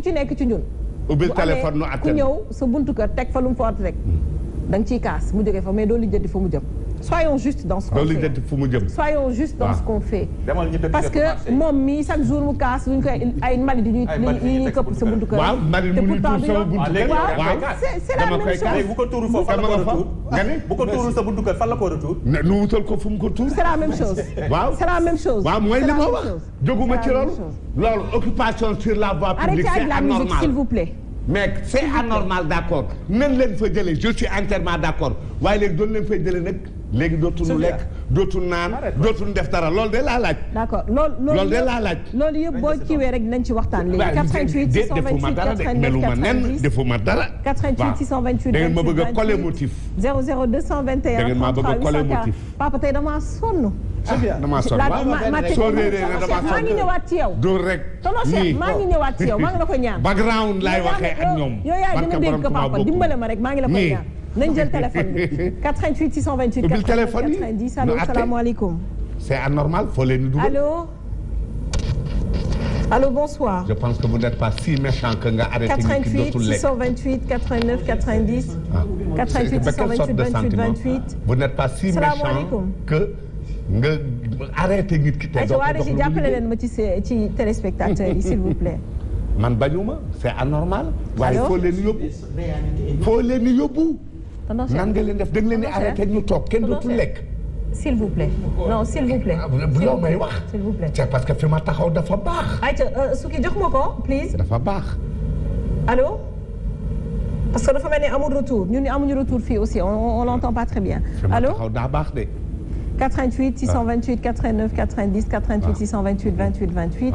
ku ci nekk ci ñun. ubbi téléphone nu attel ku ñëw su buntu kër teg fa lu mu fa rek. Hmm. dang nga ciy kaas mu jógee fa mais doo lijjanti fa mu jëm. soyons justes dans ce qu'on fait soyons justes dans ah. ce qu'on fait parce que moom mii chaque jour mu kaas lu ñu koy ay mbalit yu ñuy yu ñuy këpp sa buntu kër waaw mbalit mu ñuy tuur sama buntu kër waaw c'est la même chose bu ko tuuru foofu fan la ko retour nga ne bu ko tuuru sa buntu kër fan la ko retour nu wutal ko fu mu ko tuur c'est la même chose waaw c'est la même chose waaw mooy li ma wax jóguma ci loolu loolu occupation sur la voie publique c'est anormal s'il vous plaît mais c'est anormal d'accord nan leen fa jëlee je suis entièrement d'accord waaye léegi doon leen fay jëlee nag léegi dootuñu lekk dootuñu naan dootuñu def dara loolu de laa laaj. d'accord loolu loolu de laa laaj. loolu yëpp boo kiiwee rek dinañ ci waxtaan léegi. 88 628 89 90 defuma dara 88 628 da ngeen ma bëgg a collé motif. 00 221 da ngeen ma bëgg a collé motif. papa tey damaa sonn. Ah, damaa sonn waaw soo réeree ne damaa sonn maa ngi ñëwaat ci yow. dóor rek nii maa ngi ñëwaat ci yow maa ngi la ko ñaan. background laay waxee ak ñoom. yow yaay gën a dégg papa dimbale ma rek maa ngi la ko ñaan nañ jël téléphone bi 88 628. 88 90 allo salaamaaleykum. c'est anormal faut leen dugal allo. allo bonsoir. je pense que vous n'êtes pas si méchant que nga arrêté. nit ki dootul lekk 88 628 89 90. ah 88 628 28 ki. te dootul dox lu ma ci ci téléspectateur yi s'il vous plaît. man bañuma c'est anormal. nan nga leen def da nga leen di arrêté ñu toog kenn dootul lekk. s'il vous plaît non s'il vous plaît. Ah, bu yow may wax. s'il vous plaît c'est parce que fi ma taxaw dafa baax. ayca euh, su ki jox ma ko please. dafa baax. allo. parce que dafa mel ni amul retour ñun amuñu retour fii aussi on on l'entend pas très bien. allo fi ma taxaw daa baax de. 88 628 89 90 88 628 28 28.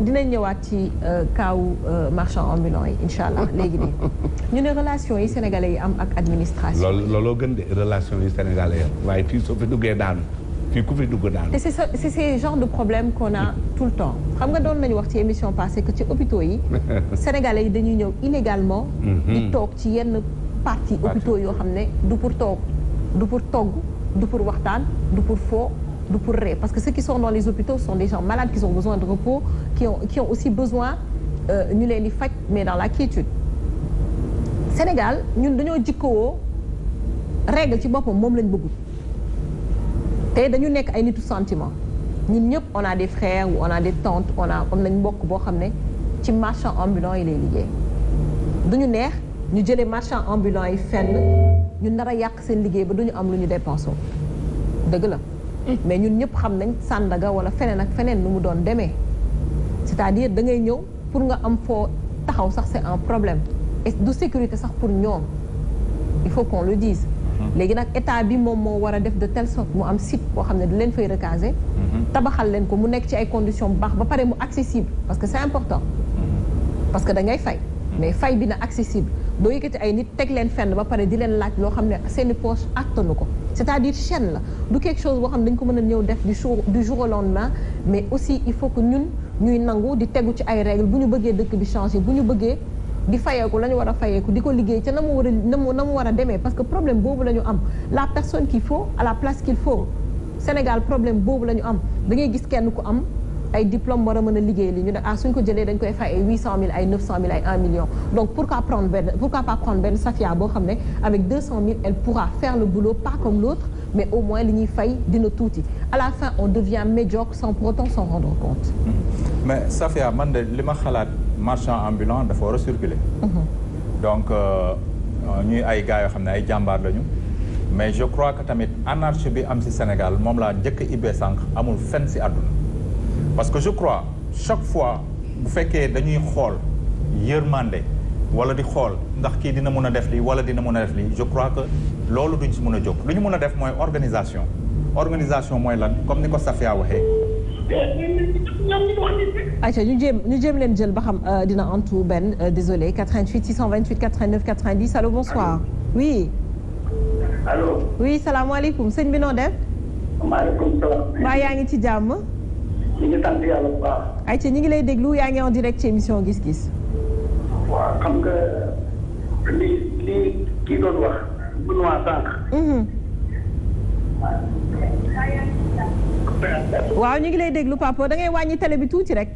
dinañ ñëwaat ci euh, kaawu euh, marchand ambulant yi incha allah léegi nii ñu ne relation yi sénégalais yi am ak administration. loolu looloo gën de relation yi sénégalais yi am waaye fii soo fi duggee daanu fii ku fi dugg daanu. te c'est c'est genre de problème qu'on a tout le temps xam nga doon nañu wax ci émission passée que ci yi. sénégalais yi dañuy ñëw illégalement. di mhm. toog ci yenn partie hôpitaux yoo xam ne du pour toog du pour togg du pour waxtaan du pour foo. du pour rire parce que ceux qui sont dans les hôpitaux sont des gens malades qui ont besoin de repos qui ont qui ont aussi besoin euh, ñu leen di faj mais dans la quiétude Sénégal ñun dañoo jikkowoo règle ci boppam moom lañ bëggul te dañu nekk ay nitu sentiment ñun ñëpp on a des frères ou on a des tantes on a am nañ mbokk boo xam ne ci marchand ambulant yi lay liggéey dañu neex ñu jëlee marchand ambulant yi fenn ñu nar yàq seen liggéey ba dañu am lu ñu dépensé dëgg la mais ñun ñëpp xam nañ Sandaga wala feneen ak feneen nu mu doon demee c'est-à-dire da ngay ñëw pour nga am foo taxaw sax c'est un problème et du sécurité sax pour ñoom il faut qu'on le dise mm-hmm. léegi nag état bi moom moo war a def de telle sorte mu am site boo xam ne du leen fay recaser mm-hmm. tabaxal leen ko mu nekk ci ay conditions bu baax ba pare mu accessible parce que c'est important mm-hmm. parce que da ngay fay mais fay bi na accessible doo yëkkati ay nit teg leen fenn ba pare di leen laaj loo xam ne seeni poche attanu ko c'est-à-dire chaîne la du quelque chose boo xam dañ ko mën a ñëw def du jour du jour au mais aussi il faut que ñun ñuy nangu di tegu ci ay règles bu ñu bëggee dëkk bi changer bu ñu bëggee di fayeeku la ñu war a fayeeku di ko liggéey ca na mu war a na mu war a demee parce que problème boobu la ñu am la personne qu'il faut à la place qu'il faut Sénégal problème boobu la ñu am da ngay gis kenn ku am ay diplôme war a a liggéey li ñu ne ah suñ ko jëlee dañ koy fay ay 800000 ay 900000 ay 1 million donc pourquoi prendre benn pourquoi pas prendre benn Safia boo xam ne avec 200000 elle pourra faire le boulot pas comme l'autre mais au moins li ñuy fay dina tuuti à la fin on devient médiocre sans pour autant s'en rendre compte. mais Safia man de li ma xalaat marchand ambulant dafa war a circuler. Mhm. donc euh, ñuy ay gars yoo xam ne ay jàmbaar lañu. mais je crois que tamit anarchie bi am ci Sénégal moom laa njëkk a sànq amul fenn ci àdduna. parce que je crois chaque fois bu fekkee dañuy xool yërmande wala di xool ndax kii dina mun a def lii wala dina mun a def lii je crois que loolu duñ si mun a jóg lu ñu mun a def mooy organisation organisation mooy lan comme ni ko Safia waxee. ayca ñu jéem ñu jéem leen jël ba xam euh, dina antu benn euh, désolé 88 628 89 90 allo bonsoir. oui. allo. oui salaamaaleykum sëñ bi noo def. maaleykum salaam. waa yaa ngi ci jàmm. ñu ngi sant yàlla bu baax. ayca ñu ngi lay déglu yaa ngi en direct ci émission gis-gis. waaw xam nga li li kii doon wax Benoît sànq. Mhm. waaw ñu ngi lay déglu papa da ngay wàññi bi tuuti rek.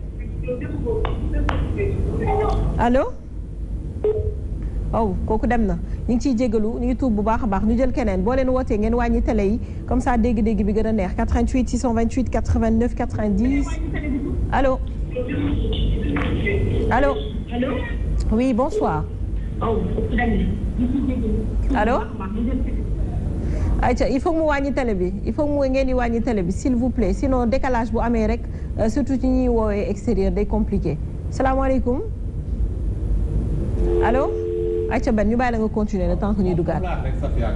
aw kooku dem na ñu ngi ciy jégalu ñu ngi tuub bu baax a baax ñu jël keneen boo leen wootee ngeen wàññi télé yi comme sa dégg-dégg bi gën a neex 88 628 89 90 allo allo oui bonsoir allo ayca il faut mu wàññi télé bi il faut mu ngeen ni wàññi tele bi s'il vous plaît sinon décalage bu amee rek euh, surtout ci ñuy woowee extérieur de compliqué salaamaaleykum ayca benn ñu bàyyi la nga continuer le temps que ñuy duggaat. rek Safia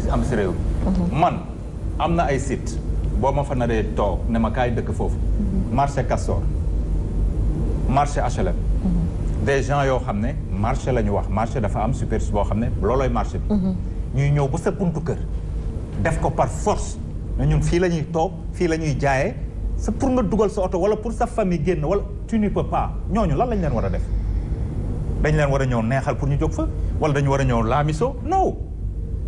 si am si réew mhm. man am na ay site boo ma fa naree toog ne ma kaay dëkk foofu. Mhm. marché Castor marché HLM. Mhm. des gens yoo xam ne marché la ñu wax marché dafa am superficie boo xam ne loolooy marché ñuy ñëw ba sa buntu kër. def ko par force ne ñun fii la ñuy toog fii la ñuy jaayee sa pour nga dugal sa oto wala pour sa famille génn wala tu ne peux ñooñu lan lañ leen war a def. dañu leen war a ñëw neexal pour ñu jóg fa wala dañu war a ñëw laamiso non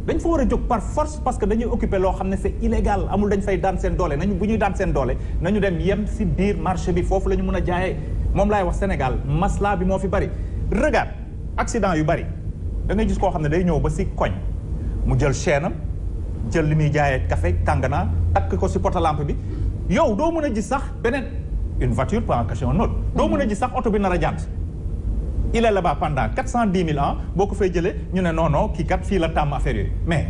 dañ fa war a jóg par force parce que dañuy occuper loo xam ne c'est illégal amul dañ fay daan seen doole nañu bu ñuy daan seen doole nañu dem yem si biir marché bi foofu la ñu mën a jaayee moom laay wax Sénégal masla bi moo fi bari regarde accident yu bari da ngay koo xam ne day ñëw ba si koñ mu jël chaîne am jël li muy jaayee café tànganaa takk ko si potalampe bi yow doo mën a gis sax beneen une voiture peut en cacher doo mën a gis sax oto bi nar a jant il est là-bas cent dix mille boo ko fay jëlee ñu ne non non kii kat fii la tàmm affaire yooyu mais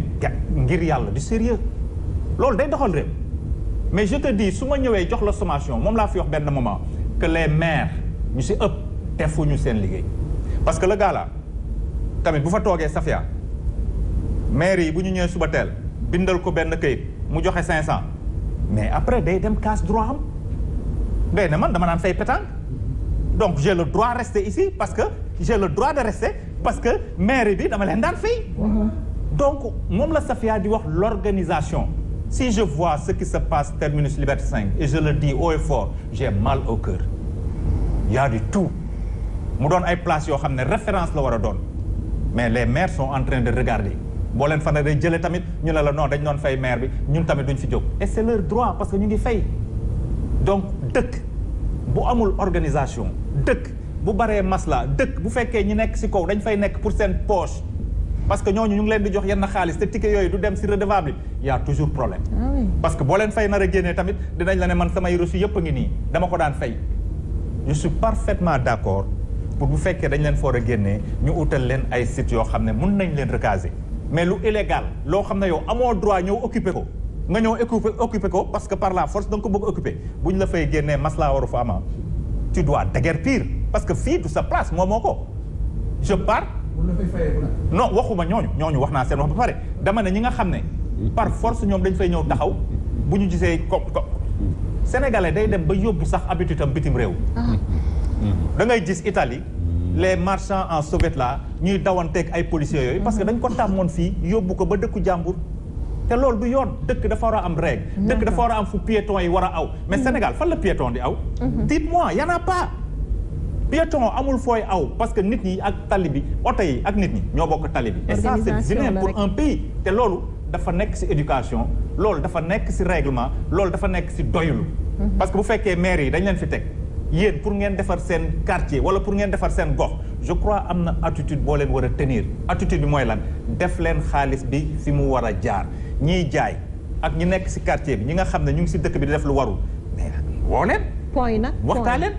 ngir yàlla di sérieux loolu day doxal réew mais je te dis su ma ñëwee jox la sommation moom laa fi wax benn moment que les maires ñu si ëpp ñu seen liggéey parce que le gars tamit bu fa toogee Safia maire yi bu ñu ñëwee suba teel bindal ko benn kayit mu joxe cinq cent mais après day dem casse droit am day ne man dama naan fay pétanque donc j'ai le droit rester ici parce que j'ai le droit de rester parce que mairie bi dama leen daan fay mhm. donc moom la Safia di wax l'organisation si je vois ce qui se passe terminus Liberté 5 et je le dis haut et fort j'ai mal au cœur y a du tout mu doon ay place yoo xam ne référence la war a doon mais les maires son en train de regarder boo leen fan day jëlee tamit ñu ne la non dañ doon fay maire bi ñun tamit duñ fi jóg et c'est leur droit parce que ñu ngi fay donc dëkk bu amul organisation dëkk bu baree masla dëkk bu fekkee ñi nekk si kaw dañ fay nekk pour seen poche parce que ñooñu ñu ngi leen di jox yenn xaalis te ticket yooyu du dem si redevable bi y' a toujours problème. Ah parce que boo leen fay nar a génnee tamit dinañ la ne man samay reçu yëpp a ngi nii dama ko daan fay. je suis parfaitement d' accord pour bu fekkee dañ leen foor a génnee ñu utal leen ay sites yoo xam ne mun nañ leen recaser mais lu illégal loo xam ne yow amoo droit ñëw occuper ko. nga ñëw occuper occuper ko parce que par la force da ko bëgg occuper bu ñu la fay génnee maslaa waru fa ama ah. tu dois piir parce que fii du sa place moom moo ko je pars. non waxuma ñooñu ñooñu wax naa seen wax ba pare dama ñi nga xam ne. par force ñoom dañ fay ñëw taxaw bu ñu gisee ko ko sénégalais day dem ba yóbbu sax habitude am bitim réew. dangay ngay gis Italie. les marchands en sauvette là ñuy dawanteeg ay policiers yooyu. parce que dañ ko tàmmoon fii yóbbu ko ba dëkku jàmbur. te loolu du yoon dëkk dafa war a am règle dëkk dafa war a am fu piéton yi war a aw mais mhm. Sénégal fan la piéton di aw mhm. dites-moi y en a pas amul fooy aw parce que nit yi ak tali bi oto yi ak nit ñi ñoo bokk tali bi et ça pour un pays te loolu dafa nekk si éducation loolu dafa nekk si règlement loolu dafa nekk si doylu mhm. parce que bu fekkee maire yi dañ leen fi teg yéen pour ngeen defar seen quartier wala pour ngeen defar seen gox je crois am na attitude boo leen war a tenir attitude bi mooy lan def leen xaalis bi fi mu war a jaar ñiy jaay ak ñi nekk si quartier bi ñi nga xam ne ñu ngi si dëkk bi di def lu warul mais woo leen. point nag waxtaan leen.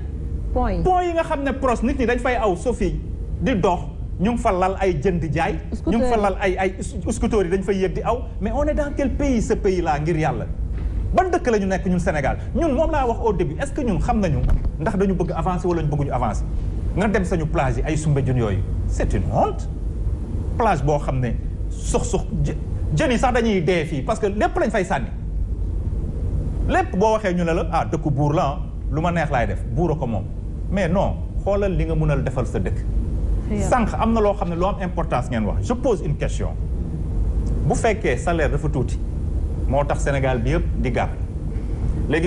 point yi nga xam ne pros nit ñi dañ fay aw sofi di dox ñu ngi fa lal ay jën di jaay. ñu ngi fa lal ay ay scooter yi dañ fay yéeg di aw mais on est dans quel pays ce pays ngir yàlla. ban dëkk la ñu nekk ñun Sénégal ñun moom laa wax au début est-ce que ñun xam nañu ndax dañu bëgg avancer wala ñu bëgguñu avancer nga dem sañu plage yi ay Soumbédioune yooyu c'est une honte boo xam ne jeunes yi sax dañuy dee fii parce que lépp lañ fay sànni lépp boo waxee ñu ne la ah dëkku buur la ah, lu ma neex laay def buur a ko moom mais non xoolal li nga mun mënal defal sa dëkk. sànq am na loo xam ne loo am importance ngeen wax je pose une question bu fekkee salaire dafa tuuti moo tax Sénégal bi yëpp di gàpp